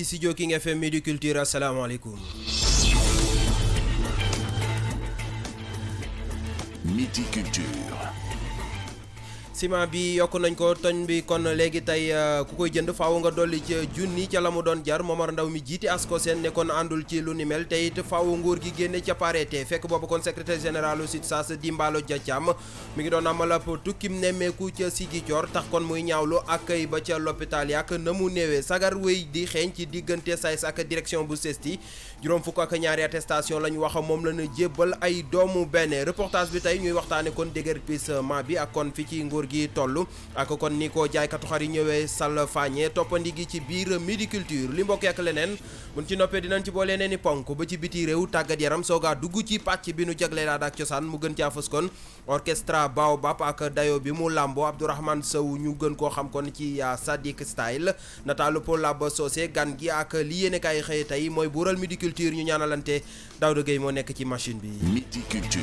Ici studio King FM Midi Culture alaikum. Midi Culture. ciment bi yok nañ ko togn bi kon legui tay euh, ku koy jënd faaw nga doli ci junni ci lamu doon jar momar ndaw mi jiti asko sen ne kon andul ci lu ni mel tay it faaw nguur gi génne ci parété fekk bobu kon secrétaire général aussi sas di mbalo jatiam mi ngi doon amal ap némé ku ci sigi jor tax kon muy ñaawlu akay ba ya ci l'hôpital yak namu newé sagar wey di xéñ ci digënté say sak direction bu sesti juroom fuk ak ñaari attestation lañ wax mom lañu jébal ay doomu bene reportage bi tay ñuy waxtane kon déguerpissement bi ak kon fi ci nguur gi tollu ak kon ni ko jaaykatu xar yi ñëwee sal fañé topandi gi ci biir midiculture li mbokk ak leneen buñ ci noppé dinañ ci bolé néni ponku ba ci biti rew tagat yaram soga dugg ci patch bi nu jaglé la dak ciosan mu gën ci fës kon orchestra baobab ak dayo bi mu lambo abdourahman sow ñu gën ko xam kon ci ah, sadik style pour la soose gan gi ak li yene kay xey tay moy bural midiculture ñu ñaanalante Daouda Gueye mo nekk ci machine bi midiculture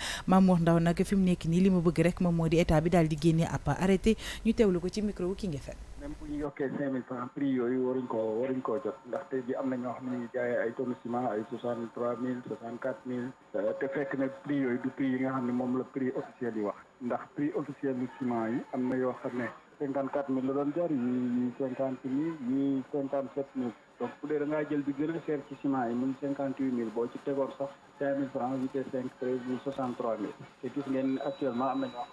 Mamour Ndao nag fi mu nekk nii li ma bëgg rek moom moo di état bi daal di génne ab arrêté ñu teewlu ko ci micro wu ki nga fet même bu ñu yokkee cinq mille francs yooyu waruñ koo waruñ koo jot ndax tey ji am na ñoo xam ne ñu jaayee ay tonne ciment ay soixante trois mille soixante quatre mille euh, te fekk na prix yooyu du prix yi nga xam ne moom la prix officiel yi wax ndax prix officiel yu ciment yi am na yoo xam ne cinquante quatre mille la doon jar yi cinquante mille donc bu dee da ngaa jël bi gën a cher ci ciment yi muy cinquante huit mille boo ci tegoon sax cinq mille franc huit gis ngeen actuellement am na ñoo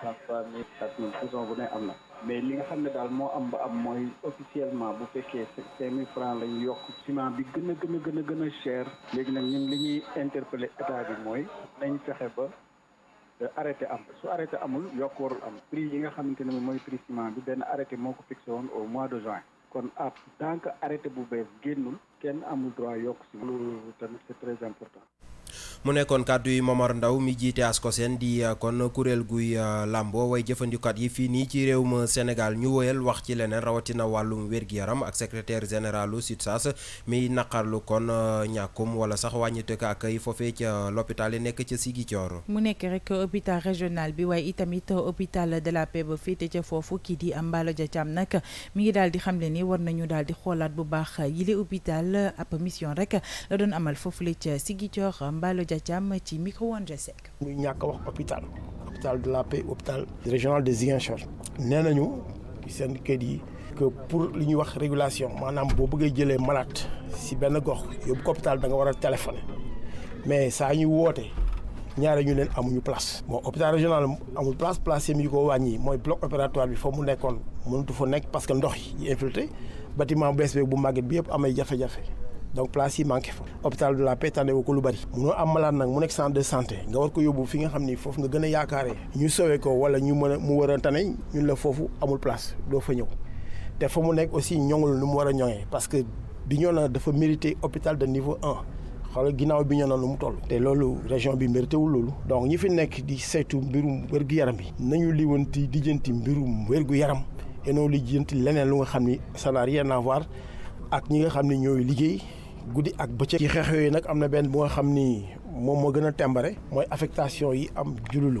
xam ne ñu bu ne na mais li nga xam ne daal moo am ba am mooy officiellement bu fekkee cinq mille franc lañ yokk ciment bi gën a gën a gën a gën a cher léegi nag ñun li ñuy interpeller état bi mooy nañ fexe ba arrêté am su arrêté amul yokk am prix yi nga xamante ne mooy prix ciment bi benn arrêté moo ko fixé woon au mois de juin kon ab tant que arrêté bu bees génnul kenn amul droit yokk si. loolu tamit c'est très important. mu nekkoon kàddu yi Momar Ndaw mi jiite ASCOSEN di uh, kon kuréel guy uh, làmboo way jëfandikukat yi fii nii ci réew ma uh, Sénégal ñu woyal wax ci leneen rawatina wàllum wér-gi-yaram ak secrétaire généralu SUTSAS mi naqarlu kon ñàkkum wala sax wàññitek ak yi foofee ca l'hôpital yi nekk ca Ziguinchor mu nekk rek hôpital régional bi waaye itamit hôpital de la Paix ba féete ca foofu kii di Ambalo Dia Thiam nag mi ngi dal di xamle ni war nañu daal di xoolaat bu baax yile hôpital ab mission rek la Khadija ci micro André Seck. muy ñàkk wax hôpital hôpital de la paix hôpital régional de Ziguinchor. Nenañu ci sen kayit yi. que pour li ñuy wax régulation manam bo bëggé jëlé malade ci ben gox yob ko hôpital da nga wara a téléphoné mais saa ñu woté ñaara ñu leen amuñu place. Mo hôpital régional amul place place yi ko wañi moy bloc opératoire bi fo mu nekkoon mënatu fo nekk parce que ndox yi infiltré bâtiment BSB bu màgget bi yëpp amay jafé-jafé donc place yi manqué fa hôpital de la paix tànnewu ko lu bari munoo am malade nak mu nek centre de santé nga war ko yóbbu fi nga xamni fofu nga gëna yaakaaré ñu sowee ko wala ñu mën mu war a tane ñun la fofu amul place do fa ñëw té fa mu nek aussi ñongul lu mu wara a parce que bi Bignona dafa mérité hôpital de niveau 1 un xoolal bi Bignona lu mu toll te loolu région bi mérité wul loolu donc ñi fi nekk di saytu mbirum wér yaram bi nañu liwanti lijjanti mbirum wér-gu-yaram enoo lijjanti leneen lu nga xam ni ça n'a rien voir ak ñi nga xam ni ñooy liggéey guddi ak bëccëg. ci xeex yooyu nag am na benn bu nga xam ni moom moo gën a tembare mooy affectation yi am jululu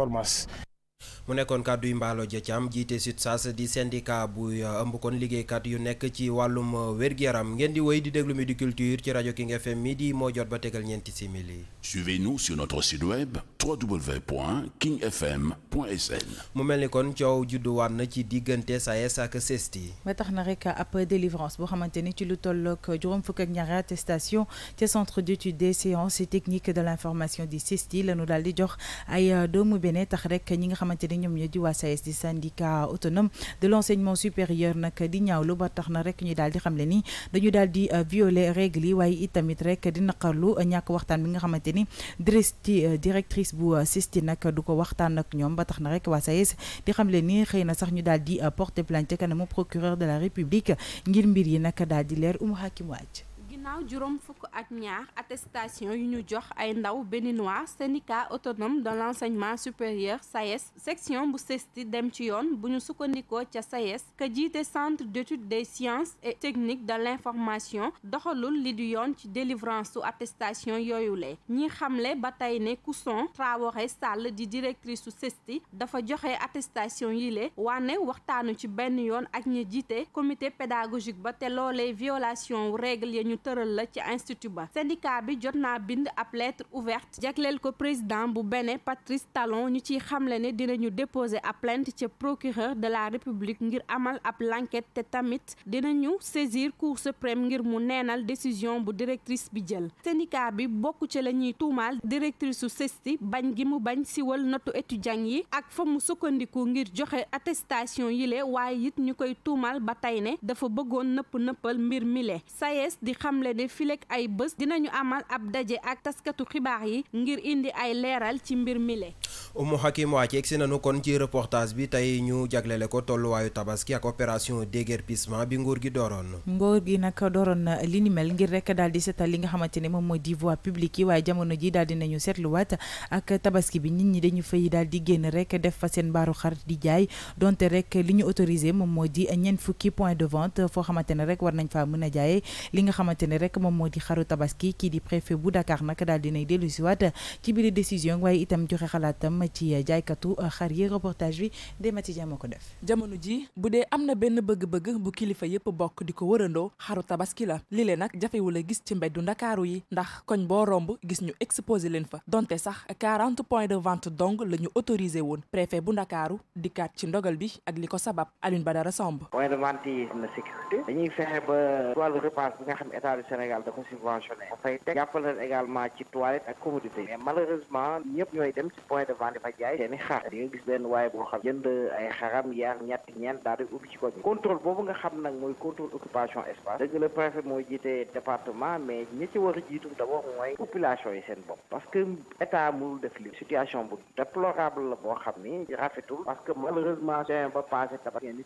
formas mu nekkoon kàddu yu mbaalo ja Thiam jiite sas di syndicat bu uh, ëmb kon liggéeykat yu nekk ci wàllum uh, wér yaram ngeen di wéy di déglu mi di Culture ci rajo King FM di moo jot ba tegal ñeenti simili. Suivez-nous sur notre site web www.kingfm.sn. mu mel ni kon coow judduwaat na ci diggante SAES ak CESTI. ba tax na rek ab délivrance boo xamante ni ci lu tollook juróom fukk ak ñaari attestation ca centre d'étude des sciences et techniques de l'information di CESTI la nu daal di jox ay uh, doomu bene tax rek ñi nga xamante ni ñoom ñoo di waa SAES di syndicat autonome de l'enseignement supérieur nag di ñaawlu ba tax na rek ñu daal di xam le ni dañu daal di euh, violer règle yi waaye itamit rek di naqarlu ñàkk waxtaan bi nga xamante ni diresti euh, directrice bu sisti euh, nag du ko waxtaan ak ñoom ba tax na rek waa SAES di xam le ni xëy na sax ñu daal di porter plainte kanamu procureur de la république ngir mbir yi nag daal di leer umu hakim waaj ginnaaw juróom fukk ak ñaar attestation yu ñu jox ay ndaw béninois syndicat autonome dans l' enseignement supérieur SAES e section bu sesti dem ci yoon bu ñu sukkandikoo ca SAES e ka jiite centre d' étude des sciences et techniques de l' information doxalul li du yoon ci délivrance su attestation yooyule ñi xamle ba tey ne salle Traoré di directrice su CESTI dafa joxe attestation yi le waane waxtaanu ci benn yoon ak ñi jiite comité pédagogique ba te loolee violation règle ya ñu tëral la ci institut ba syndicat bi jotna bind ab lettre ouverte jagleel ko président bu bene Patrice Talon ñu ci xamle ne dinañu déposer ab plainte ci procureur de la république ngir amal ab l'enquête te tamit dinañu saisir cour suprême ngir mu nénal décision bu directrice bi jël syndicat bi bokku ci lañuy tout mal. directrice sesti CESTI bañ gi mu bañ siwal notu étudiant yi ak fa mu sukkandiku ngir joxe attestation yi le waaye it ñukoy koy tuumaal ba ne dafa bëggoon nepp neppal mbir mi le SAES di xam xamle ne filek ay bés dinañu amal ab daje ak taskatu xibaar yi ngir indi ay leeral ci mbir mi mile Umu Hakim waa ceeg si nanu kon ci reportage bi tey ñu jaglele ko tolluwaayu tabaski ak opération déguerpissement bi nguur gi dooroon. nguur gi nag dooroon na li ni mel ngir rek daal di seetal li nga xamante ne moom mooy di voie publique yi waaye jamono ji daal di nañu seetluwaat ak tabaski bi nit ñi dañu fay daal di génn rek def fa seen mbaaru xar di jaay donte rek li ñu moom moo di ñeent fukki point de vente foo xamante ne rek war nañ faa a ne rek moom moo di xaru tabaski kii di préfet bu Dakar nag daal dinay dellu siwaat ci biir décision waaye itam joxe xalaatam ci jaaykatu euh, xar yi reportage bi Demati Dia moo ko ji bu dee am na benn bëgg-bëgg bu kilifa yépp bokk di ko wërandoo xaru tabaski la lile nag jafewul a gis ci mbeddu ndakaaru yi ndax koñ boo romb gis ñu exposé leen fa donte sax 40 points de vente dong la ñu autorisé woon préfet bu ndakaaru dikkaat ci ndogal bi ak li ko sabab Alioune ba wàllu du Sénégal da ko subventionné dafay teg jàppale également ci toilette ak commodité mais malheureusement ñëpp ñooy dem ci point de fa jaay seen i xaar di nga gis benn waaye boo xam jënd ay xaram ñeent daal ubbi ci koñ contrôle boobu nga xam nag mooy contrôle occupation espace dëgg la préfet mooy jiite département mais ñi war a jiitu d'abord mooy population yi seen bopp parce que état mënul def li situation bu déplorable la boo xam ni rafetul ba passé tabax ngeen ni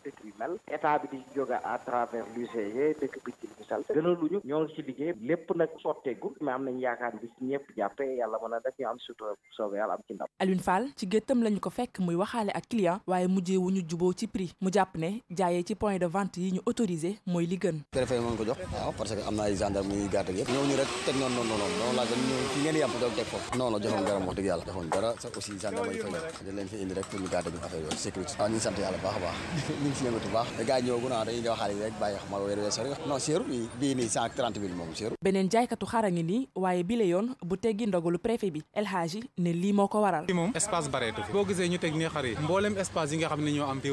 toll ci liggéey lépp nag sotteegul mais am nañ yaakaar bi si ñëpp jàppee yàlla mën a def ñu ci géttam lañu ko fekk muy waxaale ak client waaye mujjee wu ñu juboo ci prix mu jàpp ne jaayee ci point de vente yi ñu autorisé mooy li gën teg noonu noonu laa gën ngeen yàpp doog teg foofu non non joxoon dara wax yàlla joxoon dara sax aussi gendarme yi fa ñëw ah, yàlla baax a baax ñu si yëngatu baax gars ñëwaguna ah, dañuy waxaale yi rek bàyyi xam ma bi beneen jaaykatu xara ngi nii waaye bi yoon bu teggi ndogalu préfet bi El Hadji lii moo ko waral fii moom espace bareetu fi boo gisee ñu teg nii xar yi mboolem espace yi nga xam ne ñoo am fii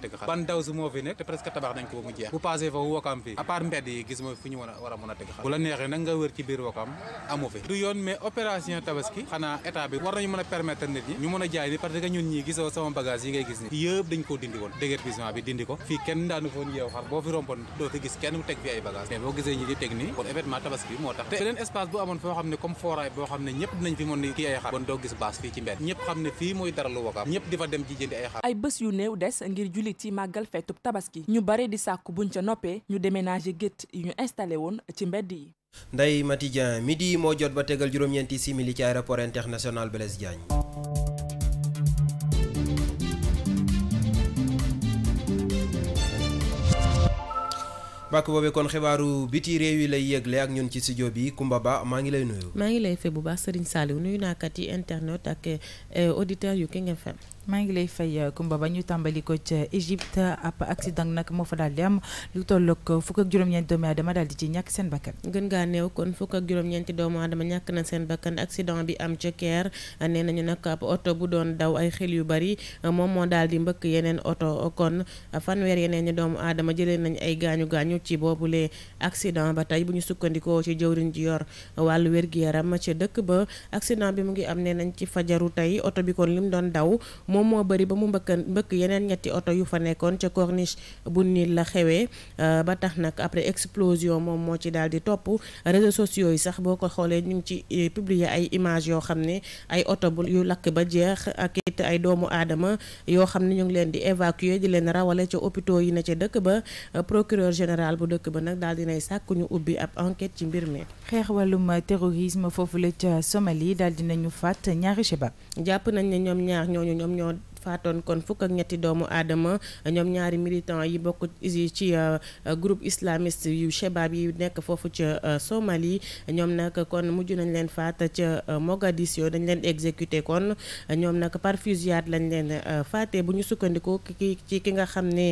teg xar ban daw fi nekk te presque tabax nañ ko mu jeex bu passé foofu Wakaam fii à part mbedd yi gis mooy fu ñu war a a teg xar bu la neexee nag nga ci biir Wakaam amu fi du yoon mais opération tabaski xanaa état bi war nañu mën a permettre nit ñi ñu romboon yeew xar boo fi romboon doo fi gis kenn ku teg fi ay bagage mais boo gisee ñi di teg nii pour événement tabaski moo tax te beneen espace bu amoon foo xam ne comme foraay boo xam ne ñëpp dinañ fi mën ni kii ay xar bon doo gis baas fii ci mbedd ñëpp xam ne fii mooy dara lu wakaam ñëpp di fa dem ji jëndi ay xar ay bés yu néew des ngir jullit yi màggal feetub tabaski ñu bare di sàkku buñ ca noppee ñu déménager gétt yi ñu installé woon ci mbedd yi Ndeye Mati mi moo jot ba tegal juróom-ñeenti simili ci aéroport international Blaise Diagne pàcc boobee kon xibaaru biti réew yi lay yëgle ak ñun ci studio bi Kumba Ba maa ngi lay nuyu. maa ngi lay fay bu baax Serigne Saliou nuyu naa kat internet ak eh, auditeurs yu King FM. maa ngi lay fay Kumba euh, ba ñu tàmbali ko ca Égypte ab accident nag moo fa daal di am lu tollook fukk ak juróom-ñeenti doomu aadama daal di ci ñàkk seen bakkan gën ngaa néew kon fukk ak ñeenti doomu aadama ñàkk na seen bakkan accident bi am ca Caire nee nañu nag ab oto bu doon daw ay xil yu bari moom moo daal di mbëkk yeneen oto kon fanweer yeneen ñi doomu aadama jëlee nañu ay gaañu gaañu ci boobu lee accident ba tey bu ñu sukkandikoo ci jëwriñ ji yor wàllu wér-gi-yaram ca dëkk ba accident bi mu ngi am nee nañ ci fajaru tey oto bi kon lim doon daw moom moo bëri ba mu mbëkk mbëkk yeneen ñetti oto yu fa nekkoon ca corniche bu niit la xewee euh, ba tax nag après explosion moom moo ci daal di topp réseaux sociaux yi sax boo ko xoolee ñu ngi ci euh, publier ay images yoo xam ne ay oto bu yu lakk ba jeex ak ay doomu aadama yoo xam ne ñu ngi leen di évacuer di leen rawale ca opito yi na ca dëkk ba euh, procureur général bu dëkk ba nag daal dinay sàkku ñu ubbi ab enquête ci mbir mi. xeex wàllum terrorisme foofu la ca Somalie daal ñu faat ñaari Chebab. jàpp nañ ne ñoom ñaar ñooñu ñoom ñoo faatoon kon fukk ak ñetti doomu aadama ñoom ñaari militant yi bokk ci euh, euh, groupe islamiste yu Chebab yi nekk foofu ca euh, Somalie ñoom nag kon mujj nañ leen faat ca Mogadiscio dañ leen exécuté kon ñoom nag par fusillade lañ leen faate bu ñu sukkandiku ki ci ki nga xam ne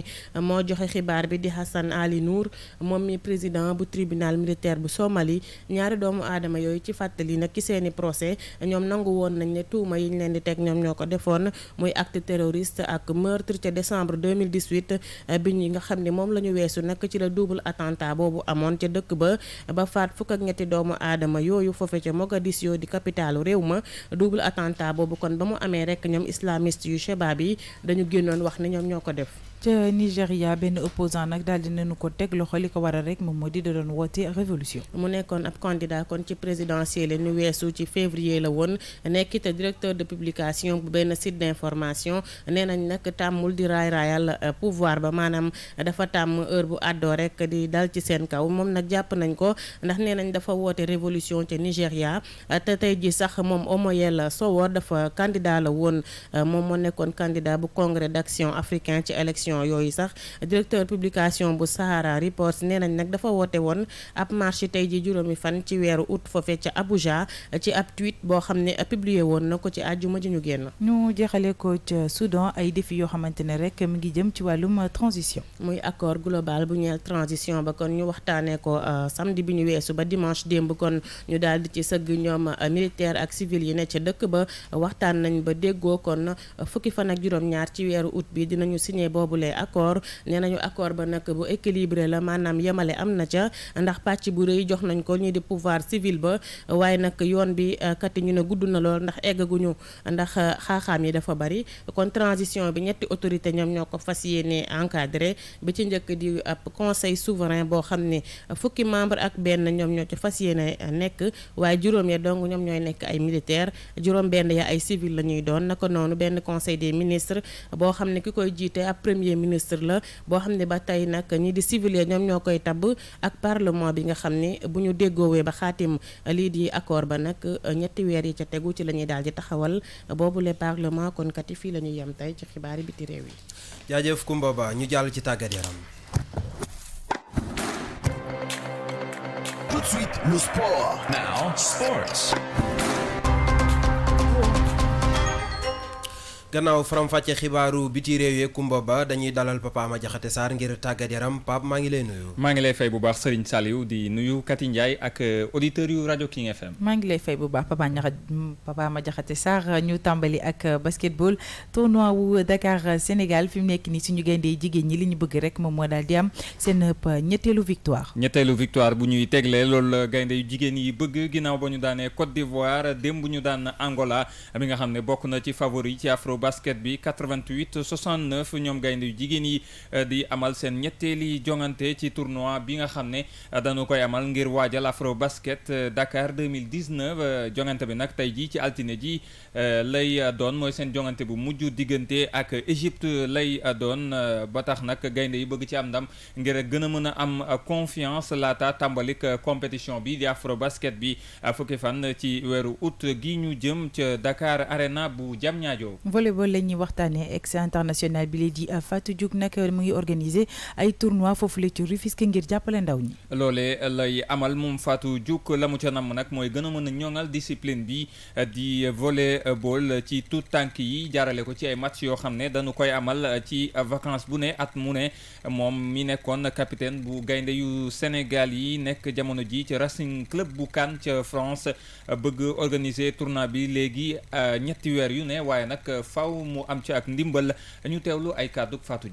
moo joxe xibaar bi di Hassan Ali Nour moom mi président bu tribunal militaire bu Somalie ñaari doomu aadama yooyu ci fàttali nag ci seeni procès ñoom nangu woon nañ ne tuuma yi ñu leen di teg ñoom ñoo ko defoon muy acte acte terroriste ak meurtre ca décembre 2018 eh, bi ñi nga xam ne moom la ñu weesu nag ci la double attentat boobu amoon ca dëkk ba ba faat fukk ak ñetti doomu aadama yooyu foofe ca Mogadiscio di capitalu réew ma double attentat boobu kon ba mu amee rek ñoom islamiste yu Chebab yi dañu génnoon wax ne ñoom ñoo ko def ci Nigeria, benn opposant nag daal di nañu ko teg loxo li ko waral rek moom moo di da doon woote révolution mu nekkoon ab candidat kon ci présidentiel ñu weesu ci février la woon nekkite directeur de publication bu benn site d'information nee nañ nag tàmmul di raay raayal euh, pouvoir ba maanaam dafa tàmm heure bu àddoo rek di dal ci seen kaw moom nag jàpp nañ ko ndax nee nañ dafa woote révolution ca Nigeria, euh, te tey ji sax moom Omoyele sowor dafa candidat la woon euh, moom moo nekkoon candidat bu congrès d'action africain ci élection publication yooyu sax directeur publication bu Sahara Reports nee nañ nag dafa woote woon ab marché tey ji juróomi fan ci weeru août foofe ci Abuja ci ab tweet boo xam ne publier woon na ko ci àjjuma ji ñu génn. ñu jeexale ko ci Soudan ay défi yoo xamante ne rek mi ngi jëm ci wàllum transition. muy accord global bu ñeel transition ba kon ñu waxtaanee ko euh, samedi bi ñu weesu ba dimanche démb kon ñu daal di ci sëgg ñoom euh, militaire ak civil yi ne ca dëkk ba waxtaan nañ ba déggoo kon euh, fukki fan ak juróom-ñaar ci weeru août bi dinañu signé boobu. les accords nee nañu accord ba nag bu équilibré la maanaam yemale am na ca ndax pàcc bu rëy jox nañ ko ñi di pouvoir civil ba waaye nag yoon bi euh, kat ñu ne gudd na lool ndax eggaguñu ndax euh, xaaxaam yi dafa bari kon transition bi ñetti autorité ñoom ñoo ko fas yéene encadré bi ci njëkk di ab euh, conseil souverain boo xam ne fukki membre ak benn ñoom ñoo ci fas yéene nekk waaye juróom ya dong ñoom ñooy nekk ay militaire juróom benn ya ay civil la ñuy doon premier ministre la boo xam ne ba tey nag ñi di civil ñoom ñoo koy tabb ak parlement bi nga xam ne bu ñu déggoowee ba xaatim lii di accord ba nag euh, ñetti weer yi ca tegu ci la ñuy daal di taxawal boobule parlement kon kat yi fii la ñuy yem tey ci xibaari biti réew yi. jaajëf Kumba Ba ñu jàll ci tàggat yaram. gannaaw faram-fàcce xibaaru biti réew yeeg Kumba Ba dañuy dalal Papa ma jaxate saar ngir tàggat yaram Pape maa ngi lay nuyu. maa ngi lay fay bu baax Serigne Saliou di nuyu Kati Ndiaye ak euh, auditeurs yu rajo King FM. maa ngi lay fay bu baax Papa Ndiakhaté Papa Ama Diakhaté Sarr ñu tàmbali ak euh, basketball tournoi wu Dakar euh, Sénégal fi mu nekk nii suñu gayndee jigéen ñi li ñu bëgg rek moom moo daal di am seen ñetteelu victoire. ñetteelu victoire bu ñuy teglee loolu gaynde yu jigéen yi bëgg ginnaaw ba ñu daanee Côte d'Ivoire démb ñu daan Angola mi nga xam ne bokk na ci favori ci afro basket bi 88 69 ñom gaynde yu jigéen yi euh, di amal seen ñetteli jongante ci tournoi bi nga xam euh, dañu koy amal ngir waajal afro basket euh, Dakar 2019 jongante bi nak tay ji ci altiné ji lay doon moy seen jongante bu mujj digënté ak Égypte lay doon ba tax nak gaynde yi bëgg ci am ndam ngir gëna a am confiance ta tambalik compétition bi di afro basket bi fukki fan ci wëru août gi ñu jëm ci Dakar Arena bu Diamniadio volleyball la ñuy ex international bi la di euh, Fatou djouk nak euh, mu ngi organiser ay tournoi fofu le ci Rufisque ngir jappale ndaw ñi. lay amal mum Fatou djouk la mu nam nak moy gëna mëna ñongal discipline bi euh, di volleyball ci tout tanki yi jaarale ko ci ay match yo xamné dañu koy amal ci vacances bu né at mu ne moom mi capitaine bu gaynde yu Sénégal yi nek jamono ji ci Racing Club bu Cannes France bëgg organiser tournoi bi légui ñetti wër yu ne waaye nak. faw mu am ci ak ndimbal dañu teewlu ay kàddu Fatou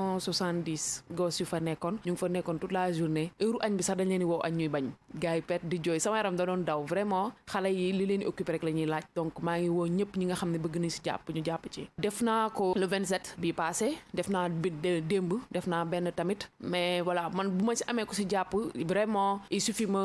170 gosses yu fa nekkoon ñu ngi fa nekkoon toute la journée heure añ bi sax dañ leen di woo añ ñuy bañ gars yi di jooy sama yaram da doon daw vraiment xale yi li leen occupé rek la ñuy laaj donc maa ngi woo ñëpp ñi nga xam ne bëgg nañ si jàpp ñu jàpp ci def naa ko le 27 bi passé def naa bi démb def naa benn tamit mais voilà man bu ma si amee si jàpp vraiment il suffit ma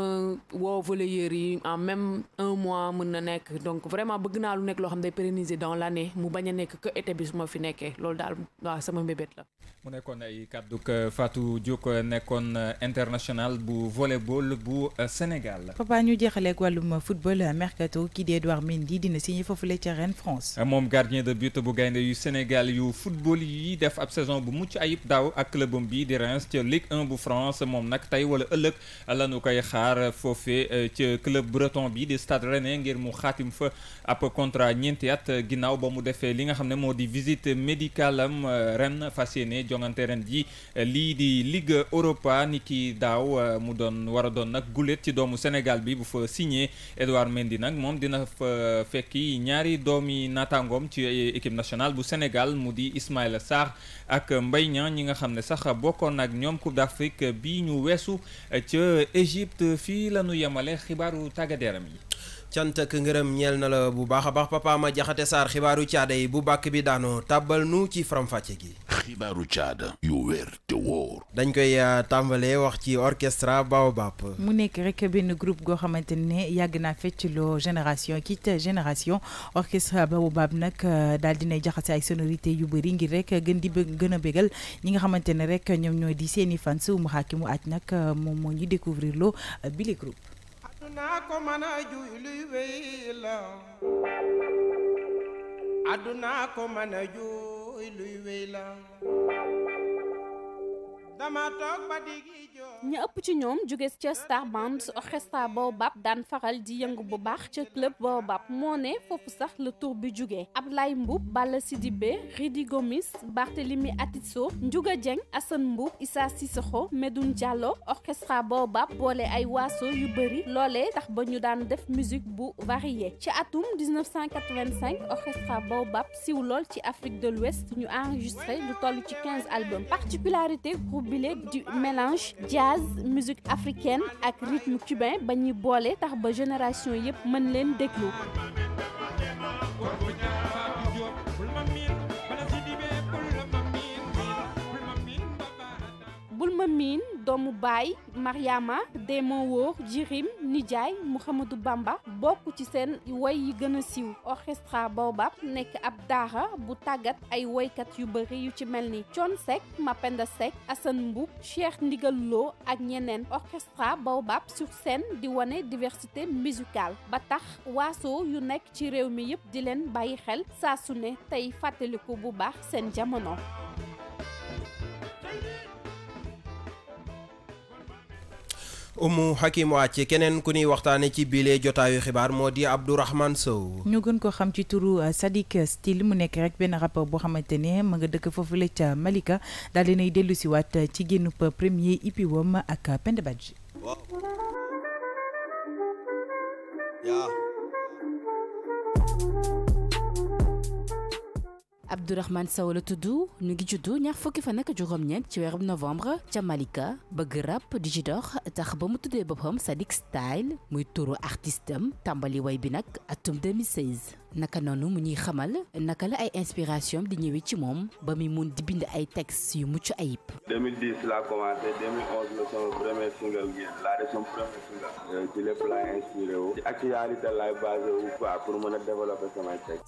woo volleyeurs yi en même un mois mën na nekk donc vraiment bëgg naa lu nekk loo xam day pérenniser dans l'année mu bañ a nekk que été ma fi nekkee loolu daal waaw sama mbébét la mu nekkoon ay kàddu Fatou Diop nekkoon euh, international bu volleyball bu euh, Sénégal. papa ñu jeexaleeg wàllum football euh, mercato kii di Edouard Mendy dina signé foofule ca Rennes France. moom gardien de but bu gaynde yu Sénégal yu football yi def ab saison bu mucc ayib daaw ak clubam bii di Reims ca Ligue 1 bu France moom nag tey wala ëllëg lanu koy xaar foofe ca club breton bi di Stade Rennais ngir mu xaatim fa ab contrat ñeenti at ginnaaw ba mu defee li nga xam ne moo di visite médicale am Rennes fas yéene jongante ren ji eh, lii di Ligue Europa ni ki daaw eh, mu doon war a doon nag gulet ci doomu Sénégal bi bu fa signé Edouard Mendy nag moom dina fa fekk ñaari doomi naataangoom ci eh, équipe national bu senegal mu di Ismaïla Sarr ak Mbaye Niang ñi nga xam ne sax bokkoon ak ñoom Coupe d'Afrique bi ñu weesu ca Égypte fii la ñu yemale xibaaru tàggat yi cant ak ngërëm ñeel na la bu baax a baax papa ma jaxate saar xibaaru caada yi bu bàkk bi daanoo tàbbal nu ci faram-fàcce gi. xibaaru caada yu wér te wóor. dañ koy euh, tàmbalee wax ci orchestre Baobab. mu nekk rek benn groupe goo xamante ne yàgg naa fecculoo génération quitte génération orchestre Baobab nag euh, daal dinay jaxase ay sonorité yu bëri ngir rek gën di bëgg gën a bégal ñi nga xamante ne rek ñoom ñooy di seeni fans mu xàkki mu aj nag euh, moom moo ñu découvrir loo bile groupe. du naa ko mën a juy la aduna la ña ëpp ci ñoom jóge ca Star Bands orchestra Bob daan faral di yëngu bu baax ca club Bob moo ne foofu sax le tour bi jóge Ablaye Mbuub Balla Sidibé Ridi Gomis Barthélemy Atisso Ndiouga Dieng Assane Mbuub Issa Sissoko Medoune Diallo orchestra Baobab boole ay waaso yu bëri tax ba daan def musique bu varié. ci atum 1985 orchestra Bob siw lool ci Afrique de l'Ouest ñu enregistré lu toll ci 15 albums particularité groupe du mélange jazz musique africaine ak rythme cubain ba ñuy tax ba génération yépp mën leen déglu doomu Mariama Demon Jirim nijai muhamadou Bamba bokk ci seen way yi orchestra Baobab nek abdara daara bu tàggat ay woykat yu Mapenda Sek, Assane Mboup Cheikh Ndigal Lo ak orchestra Baobab sur scène di diversité musicale ba tax waaso yu nekk ci réew mi yëpp di leen umu hakim ci keneen ku ñuy waxtaane ci biile jotaayu xibaar moo di Abdourahmane Sow ñu gën ko xam ci turu euh, Sadik Style mu nekk rek benn rappeur boo xamante ne ma nga dëkk foofu la ca Malika daal dinay dellu si waat ci génnub premier EP wam ak Penda Badji Abdourahmane Sow la tudd ñu ngi juddu ñaar fukki fan ak juróom-ñeent ci weeru novembre ca Malika bëgg rap di ci dox tax ba mu tuddee boppam sa Sadik Style muy turu artiste am tàmbali way bi nag atum 2016. naka noonu mu ñuy xamal naka la ay inspiration di ñëwee ci moom ba muy mun di bind ay textes yu mucc ayib. laa commencé la sama premier single bi laa def sama premier single. Euh, sa lépp laay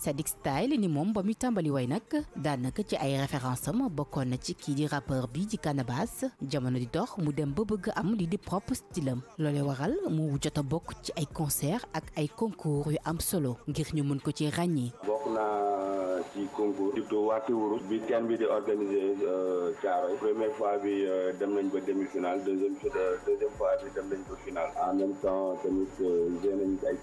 inspiré ni moom ba muy tàmbali way nag daanaka ci ay référence am bokkoon na ci kii di rappeur bi di Canabasse jamono di dox mu dem ba bëgg am li di propre style am waral mu jot a bokk ci ay concert ak ay concours yu am solo ngir ñu mën ko ci ràññee ci concours surtout waati Tiwuru bi teen bi di organiser euh, Thiaroye première fois bi euh, dem nañ ba demi-finale deuxième euh, deuxième fois bi dem nañ ba finale en même temps tamit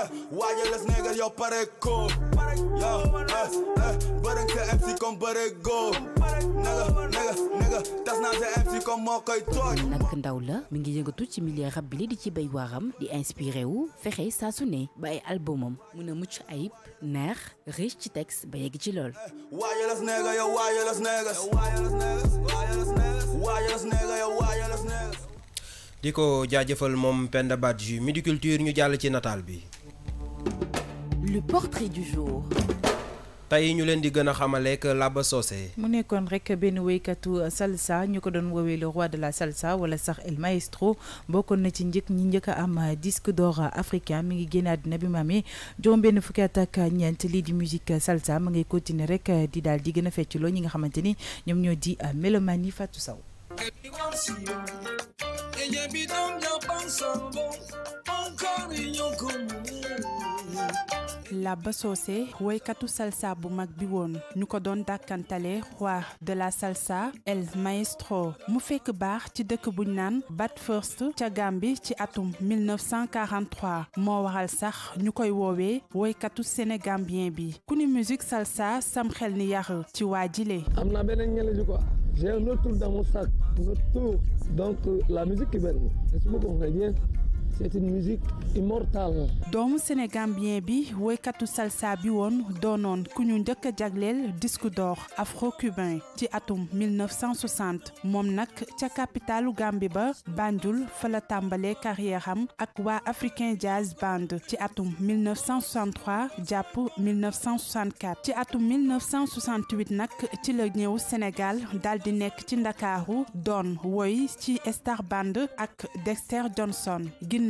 eh, wireless nigga, yo pare cool. Yo, eh, eh, MC comme bërë Nigga, nigga, nigga, sa MC comme album koy tooñ. ndaw la mi ngi ci milliers rap di ci di ci Penda Midi ñu ci le portrait du jour. tey ñu leen di gën a xamale ak Laba mu nekkoon rek benn woykatu salsa ñu ko doon woowee le roi de la salsa wala sax el maestro bokkoon na ci njëkk ñi njëkk a am disque d'or africain mi ngi génn àddina bi mu amee juróom benn fukki ak ñeent lii di musique salsa ma ngay continuer rek di daal di gën a fecc loo ñi nga xamante ni ñoom ñoo di mélomani Fatou Sow la Socé woykatu salsa bu mag bi won ñuko roi de la salsa el maestro mu fekk baax ci dëkk buñ Tchagambi, first ci 1943 mo waral sax ñukoy wowe sénégambien bi kuni musique salsa sam ni ci j'ai un autre dans mon sac donc la musique est est-ce que vous comprenez bien c'est une musique immortale. doomu sénégambien bi salsa bi Donon, doonoon ku disque d'or afro-cubain ci atum 1960 moom nag ca capitalu Gambie ba fa la carrière am ak African Jazz Band ci atum 1963 jàpp 1964 ci atum 1968 Nak, ci la Sénégal dal di nekk ci woy ci Star Band ak Dexter Johnson gin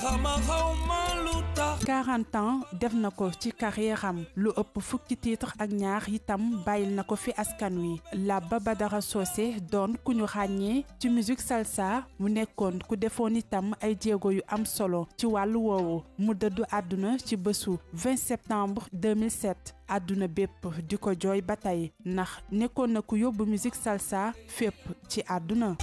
xama ans def na ko ci carrière am lu ëpp fukki titre ak ñaar itam bàyyil na ko fi askan wi Laba Badara Socé doon ku ñu xàññee ci musique salsa mu nekkoon ku defoon itam ay jéego yu am solo ci wàllu woowu mu dëddu àdduna ci bésu 20 septembre 2007 àdduna bépp di ko jooy ba tey ndax nekkoon na ku yóbbu musique salsa fépp ci àdduna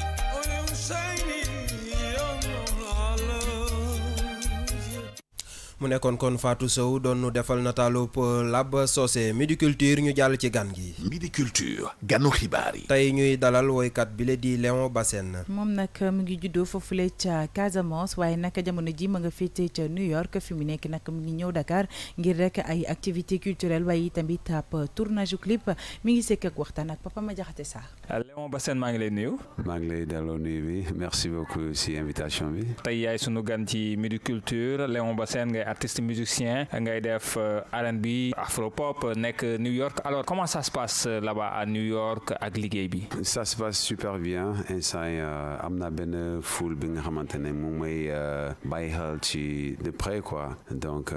mu nekkoon kon Fatou Sow doon nu defal nataalub euh, lab soose midi culture ñu jàll ci gan gi. midi culture ganu xibaar yi. tey ñuy dalal woykat le di Léon Bassène. moom nag euh, mu ngi juddoo foofule ca Casamance waaye nag jamono ji ma nga fete ca New York fi mu nekk nag mu ngi ñëw Dakar ngir rek ay activité culturelle waaye tamit ab tournage clip mi ngi sekk ak waxtaan ak papa ma jaxate sax. Ah, Léon Bassène maa ngi lay nuyu. maa ngi lay delloo nuyu bi merci beaucoup si invitation bi. tey yaay sunu gan ci midi culture Léon artiste musicien ngay def euh, R&B afropop euh, nek New York alors comment ça se passe euh, là-bas à New York ak liguey bi. ça se passe super bien et ça, am na foule bi nga xamantene ne may mooy ci de près quoi donc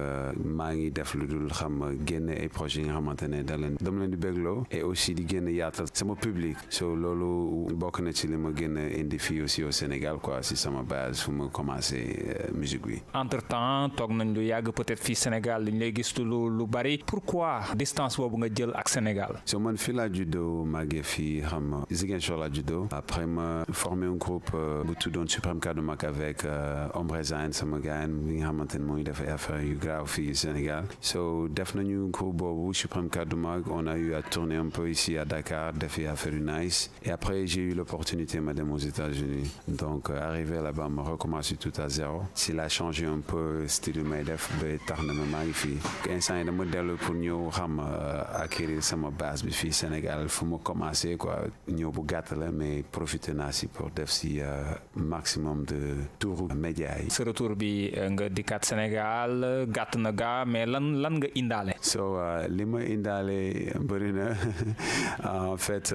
mangi ngi def lu dul xam génne ay projets nga xamantene ne da leen len di beglo et aussi di génn yaatal sama public so lolu bok na ci li ma génn indi fi aussi au Sénégal quoi si sama base fuma ma commencé musique bi. entre temps toog nañ lu yàgg peut-être fii Sénégal dañ lay gis lu lu bari pourquoi distance boobu nga jël ak Sénégal. so man fii laa juddoo màggee fii xam Ziguinchor laa juddoo après ma formé un groupe euh, bu tuddoon Suprême Kaddu Mag avec euh, Ombrezane sama gars bi nga xamante ne mooy dafay affaire yu grave fii Sénégal so def nañu groupe boobu Suprême Kaddu Mag on a eu à tourner un peu ici à Dakar dafay affaire yu nice et après j'ai eu l'opportunité madame aux États-Unis donc euh, arrivé là-bas ma recommencé tout à zéro s'il a changé un peu style def ba tax na ma maa ngi fii instant yi dama dellu pour ñëw xam euh, acquérir sama base bi fii Sénégal fu ma commencé quoi ñëw bu gàtt la mais profiter naa si pour def si euh, maximum de tour média yi. sa retour bi euh, nga dikkaat Sénégal gàtt na ga mais lan lan nga indaale. so li ma indaale bëri na en fait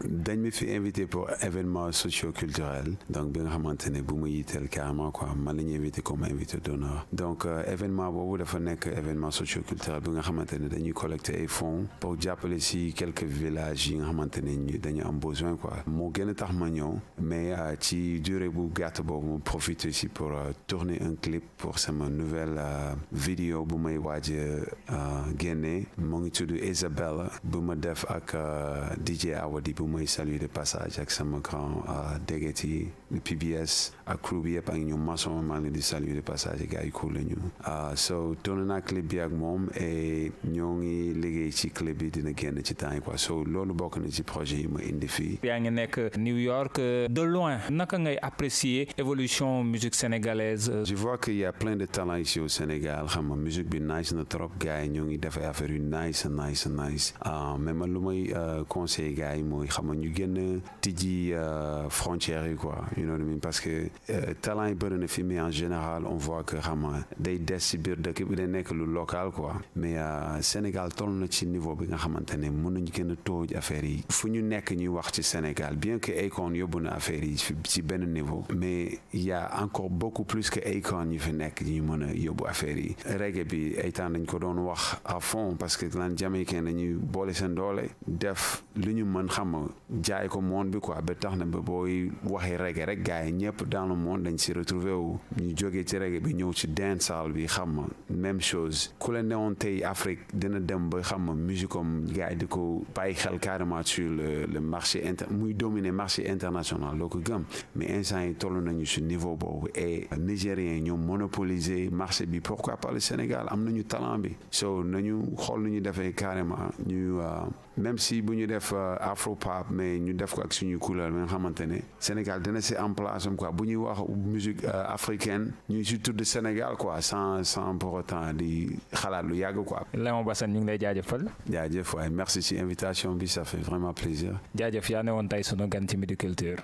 dañ ma fi invité pour événement socio-culturel donc bi nga xamante ne bu ma yitteel carrément quoi man la ñu invité comme invité d'honneur donc événement boobu dafa nek événement socioculturel bi nga xamantene dañuy collecter ay fonds pour jàppale ci quelques villages yi nga xamantene ne ñu dañu am besoin quoi mo gën tax ma ñëw mais euh, ci durée bu gàtt bobu mu profiter ci pour euh, tourner un clip pour sama nouvelle euh, vidéo bu may waaj génne mo ngi tudd Isabella bu ma def ak DJ Awadi bu may saluer de passage ak sama grand déggati le PBS crew bi yëpp ak ñoom maçon maa ngi leen di saluer le passage gars yi cool la ñu ah, so tourné naa clip bi ak moom et ñoo ngi liggéey ci clip bi dina génn ci temps yi quoi so loolu bokk na ci projet yi ma indi fii yaa ngi nekk New York euh, de loin naka ngay apprécier évolution musique sénégalaise euh? je vois qu'il y a plein de talents ici au Sénégal xam musique bi nice na trop gars yi ñoo ngi affaire yu nice nice nice ah, mais man lu may euh, conseil gars yi mooy xam nga ñu génn tijji frontières yi quoi you know what I mean parce que euh, talent yi bëri na mais en général on voit que xam nga des si biir dëkk bi day nekk lu local quoi mais euh, Sénégal toll na ci niveau bi nga xamante ne mën nañu gën a tooj affaire yi fu ñu nekk ñuy wax ci Sénégal bien que Akon yóbbu na affaire yi ci benn niveau mais il y a encore beaucoup plus que Akon ñu fi nekk ñu mën a yóbbu affaire yi reggae bi ay temps dañ ko doon wax à fond parce que lan jamaïcain dañuy boole seen doole def lu ñu mën xam jaay ko monde bi quoi ba tax na ba booy waxee reggae rek gars dans le monde dañ retrouvé ñu jógee ci bi ci même chose la Afrique dem xam le le marché inter muy dominer marché international loo ko mais niveau boobu et Nigériens monopoliser marché pourquoi pas le Sénégal talent bi so nañu ñu carrément ñu euh, même si euh, afro mais ñu def ko ak suñu Sénégal en place quoi bu ñuy wax musique euh, africaine ñuy tout de Sénégal quoi sans sans pour autant di xalaat lu yàgg quoi. Léon bassane ñu ngi lay jaajëfal. jaajëf waay merci ci invitation bi ça fait vraiment plaisir. jaajëf ya ne woon tey sunu gan Culture.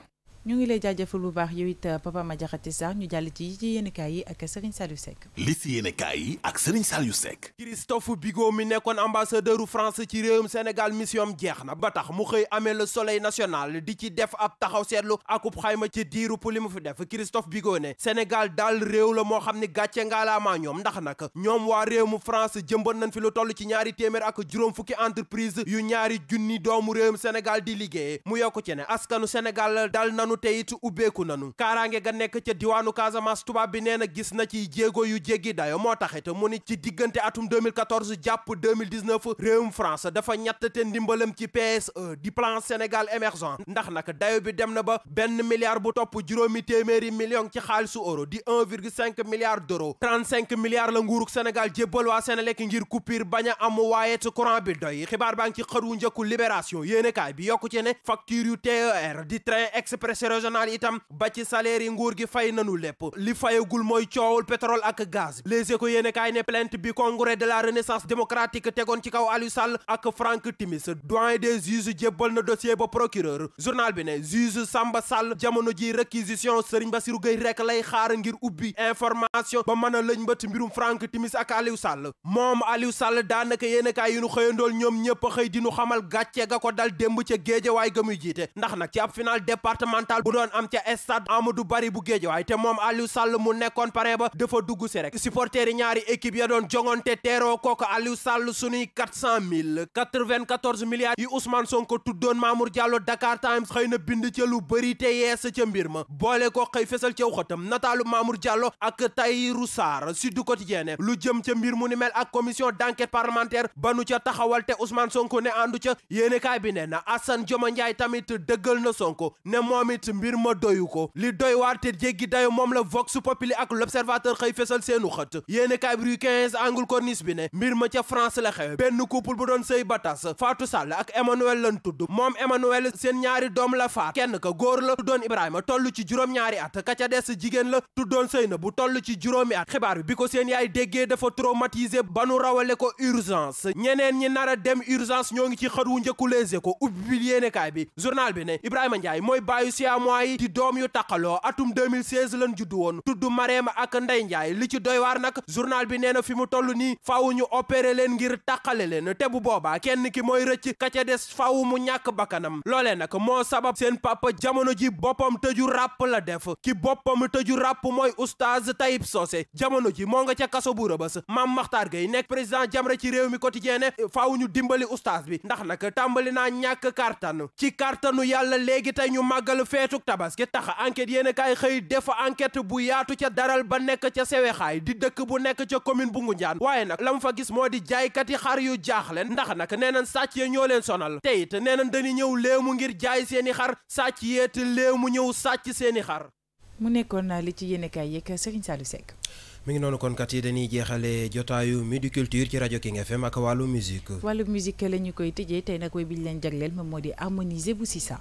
ñu ngi lay jaajëfal bu baax yow it Papa Madiakhaté Sarr ñu jàll ci ci yéenekaay yi ak Serigne Saliou Seck li si yéenekaay yi ak Serigne Saliou Seck Christophe Bigot mi nekkoon ambassadeuru France ci réewum Sénégal mission am jeex na ba tax mu xëy amee la soleil national di ci def ab taxaw seetlu akub xayma ci diiru pu li mu fi def Christophe Bigot ne Sénégal daal réew la moo xam ne gàcce ngaalaama ñoom ndax nag ñoom waa réew mu France jëmbat nañ fi lu toll ci ñaari téeméer ak juróom fukki entreprise yu ñaari junni doomu réewum Sénégal di liggéey mu yokku ci ne askanu Sénégal nanu te it ubbeeku nanu kaaraange ga nekk ca diwaanu Casamance tubaab bi nee na gis na ci jéego yu jéggi dayo moo taxit mu ni ci diggante atum 2014 jàpp 2019 réewum France dafa ñett te ndimbalam ci PSE di plan Sénégal émergent ndax nag dayo bi dem na ba benn milliard bu topp juróomi téeméeri million ci xaalisu euro di 1,5 milliard d'euro 35 milliards la nguurug Sénégal jébbal waa Sénélec ngir coupure bañ a am waaye te courant bi doy xibaar baa ngi ci xaru njëkku libération yéenekaay bi yokku marché régional itam ba ci salaire yi nguur gi fay nanu lépp li fayagul mooy coowul pétrole ak gaz les éco yéene ne plainte bi congrès de la renaissance démocratique tegoon ci kaw Aliou Sall ak Franck Timis doyen des juges jébbal na dossier ba procureur journal bi ne juge Samba Sall jamono ji réquisition Serigne Bassirou Gueye rek lay xaar ngir ubbi information ba mën a lëñ mbët mbirum Franck Timis ak Aliou Sall moom Aliou Sall daanaka yéene yu nu xëyandool ñëpp xëy di nu xamal gàcce ga ko dal démb ca géejawaay ga tàntal bu doon am ca stade Amadou Barry bu Guédiawaye te moom Aliou Sall mu nekkoon pare ba dafa dugg si rek supporters yi ñaari équipe ya doon jongante teeroo kooku Aliou Sall sunuy milliards yi Ousmane Sonko tuddoon Mamour Diallo Dakar Times xëy na bind ca lu bëri te yees ca mbir ma boole ko xëy fesal ca waxatam nataalu Mamour Diallo ak Tahirou Sarr Sud Quotidien lu jëm ca mbir mu ni mel ak commission d'enquête parlementaire ba nu ca taxawal te Ousmane Sonko ne àndu ca yéenekaay ne na Assane Dioma Ndiaye tamit dëggal na Sonko it mbir ma doyu ko li doy waar te jéggi dayo moom la vox populi ak l'observateur xëy fesal seenu xët yéeni kaay bi 15 angle corniche bi ne mbir ma ca France la xew benn couple bu doon sëy batas Fatou Sall ak Emmanuel lan tudd moom Emmanuel seen ñaari doom la faat kenn ka góor la doon Ibrahima toll ci juróom-ñaari at ka ca des jigéen la doon sëy na bu toll ci juróomi at xibaar bi bi ko seen yaay déggee dafa traumatisé ba nu rawale ko urgence ñeneen ñi nar a dem urgence ñoo ngi ci xët njëkku lése ko ubbi kaay bi journal bi ne Ibrahima Ndiaye jaamuwaay yi di doom yu taqaloo atum 2016 lan juddu woon tudd Marème ak Ndeye Ndiaye li ci doy waar journal bi nee na fi mu toll nii faaw ñu opéré leen ngir taqale leen te bu boobaa kenn ki mooy rëcc ka ca des faaw mu ñàkk bakkanam loolee nag moo sabab seen papa jamono ji boppam tëju ràpp la def ki boppam tëju ràpp mooy oustaz Tayib Socé jamono ji moo nga ca kaso bu rëbës Mame Makhtar Gueye nekk président Jamra ci réew mi quotidien ne faaw ñu dimbali oustaz bi ndax nag tàmbali naa ñàkk kartan feetuk tabaski tax enquête yéen kaay xëy def enquête bu yaatu ca daral ba nekk ca sewexaay di dëkk bu nekk ca commune bu Ngunjaan waaye nag la mu fa gis moo di jaaykati xar yu jaaxle ndax nag nee nañ sàcc ya ñoo leen sonal te it nee nañ dañu ñëw léemu ngir jaay seeni xar sàcc yeet léemu ñëw sàcc seeni xar mu nekkoon naa li ci yéen kaay yeeg Serigne Saliou Seck mu ngi noonu kon kat yi dañuy jeexale jotaayu Midi Culture ci rajo King FM ak wàllu musique wàllu musique la ñu koy tëjee tey nag woy bi leen jagleel moo di harmoniser bu Sisa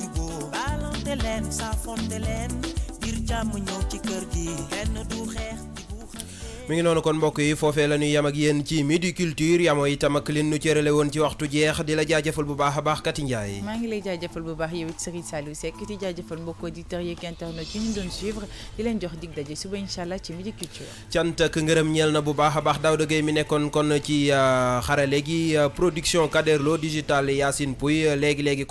fonte leen saa fonte leen ngir jàmm ñëw ci mi ngi noonu kon mbokk yi foofee la ñuy yam ak yéen ci midi culture yamoo itam ak lin nu cërale woon ci waxtu jeex di la jaajëfal bu baax a baax Kati Ndiaye maa ngi lay jaajëfal bu baax yow it Serigne Saliou Seck di jaajëfal mbokk auditeurs yeeg internet yi ñu doon suivre di leen jox dig daje suba incha allah ci midi culture cant ngërëm ñeel na bu baax a baax Daouda Gueye mi nekkoon kon ci euh, xarale gi euh, production Kaderlo digital Yacine Pouy léegi